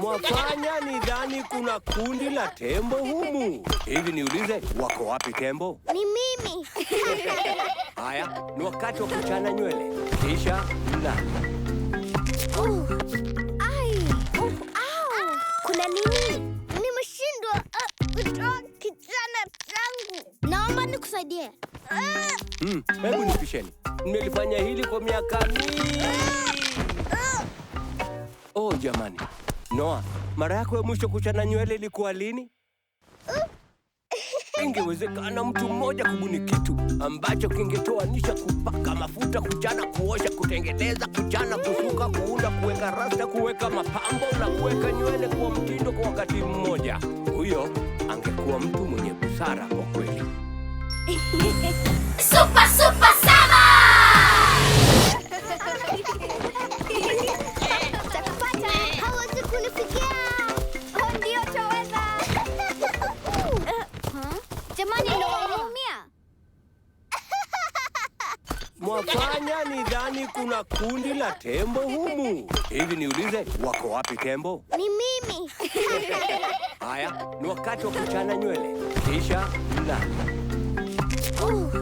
mwafanya ni dhani kuna kundi la tembo humu. Hivi niulize, wako wapi tembo? Ni mimi. Haya, ni wakati wa kuchana nywele kisha mla. Uh, oh, ai, uh, au. Kuna nini? Nimeshindwa ah, kutoa kichana changu. Naomba nikusaidie. Mm, hebu nipisheni. Nimelifanya hili kwa miaka mingi. Ah. Oh, jamani. Noa, mara yako ya mwisho kuchana nywele ilikuwa lini? Ingewezekana mtu mmoja kubuni kitu ambacho kingetoanisha kupaka mafuta, kuchana, kuosha, kutengeneza, kuchana, kusuka, kuunda, kuweka rasta, kuweka mapambo na kuweka nywele kwa mtindo kwa wakati mmoja. Huyo angekuwa mtu mwenye busara kwa kweli. Super, super. Kwani kuna kundi la tembo humu. Hivi niulize, wako wapi tembo? Ni mimi. Haya, ni wakati wa kuchana nywele kisha mna. Uh, oh,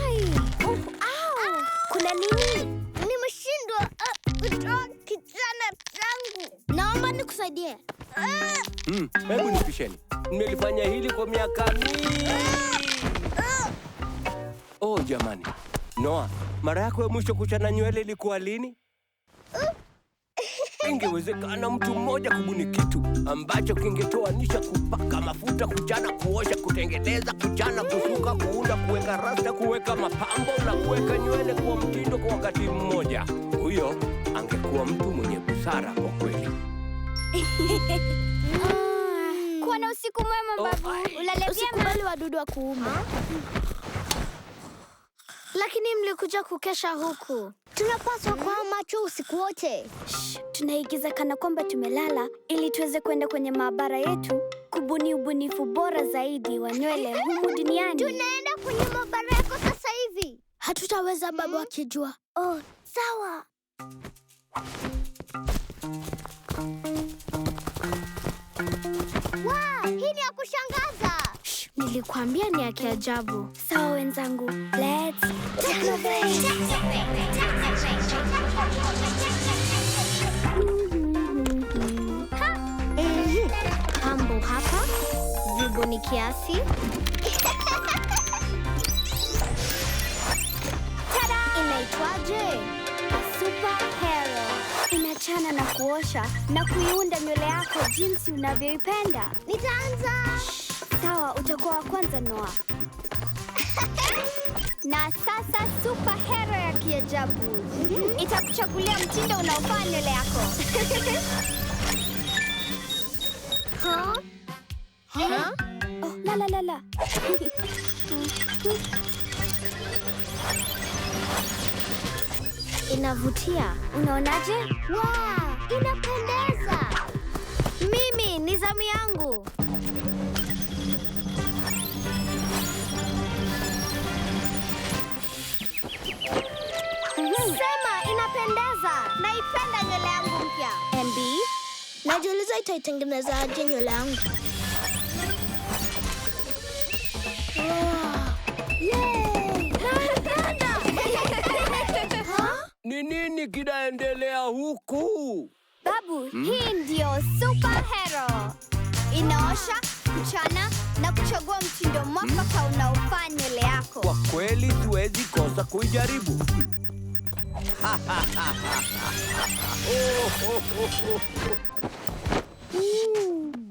ai, uh, au. Kuna nini? Nimeshindwa ah, kichana changu. Naomba nikusaidie. Mm, hebu nipisheni. Nimelifanya hili kwa miaka mingi. Ah, ah. Oh, jamani. Noa, mara yako ya mwisho kuchana nywele ilikuwa lini? Ingewezekana mtu mmoja kubuni kitu ambacho kingetoanisha kupaka mafuta, kuchana, kuosha, kutengeneza, kuchana, kusuka, kuunda, kuweka rasta, kuweka mapambo na kuweka nywele kwa mtindo kwa wakati mmoja. Huyo angekuwa mtu mwenye busara kwa kweli. Ah, kuwa na usiku mwema babu. Ulalevia mbali wadudu wa kuuma. Ah. Lakini mlikuja kukesha huku. Tunapaswa kuwa macho usiku wote. Tunaigiza kana kwamba tumelala ili tuweze kwenda kwenye maabara yetu kubuni ubunifu bora zaidi wa nywele humu duniani. Tunaenda kwenye maabara yako sasa hivi. Hatutaweza baba akijua. Oh, sawa. Nilikuambia ni ya kiajabu. Sawa wenzangu, let's pambo hapa, zibu ni kiasi. Inaitwaje? Superhero. na kuosha na kuiunda nywele yako jinsi unavyoipenda. Nitaanza utakuwa wa kwanza Noa. Na sasa super hero ya kiajabu itakuchagulia mtindo unaofaa nywele yako. huh? Huh? Oh, la la la la. Inavutia. Unaonaje? Wow! Najua Liza itaitengeneza aje nywele yangu. Ni nini kinaendelea huku? Babu, hmm? Hii ndio superhero. Inaosha, mchana na kuchagua mtindo mwafaka hmm? unaofaa nywele yako. Kwa kweli tuwezi kosa kuijaribu.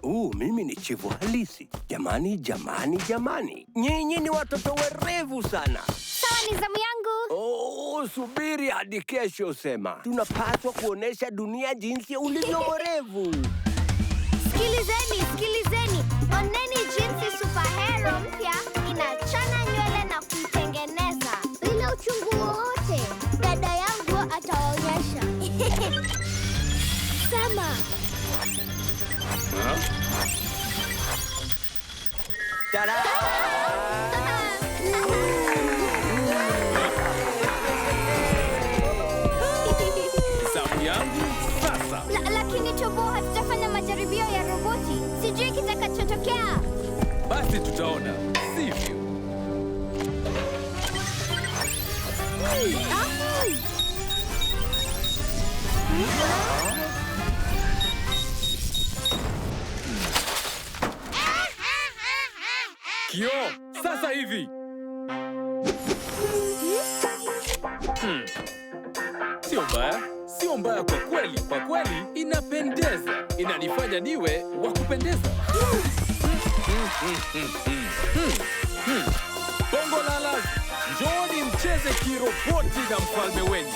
Uh, mimi ni chivu halisi. Jamani, jamani, jamani, nyinyi ni watoto werevu sana. Sawa, ni zamu yangu. Oh, subiri hadi kesho. Sema tunapaswa kuonesha dunia jinsi ulivyo werevu. mama. Zamu yangu sasa. lakini Chobo, majaribio ya roboti. Sijui kitakachotokea. Basi tutaona, sivyo? Hmm. Ah. Hmm. Kioo, sasa hivi. Hmm. Sio mbaya, sio mbaya kwa kweli, kwa kweli inapendeza, inanifanya niwe wa kupendeza. Bongo lala, njooni mcheze kiroboti na mfalme wenu.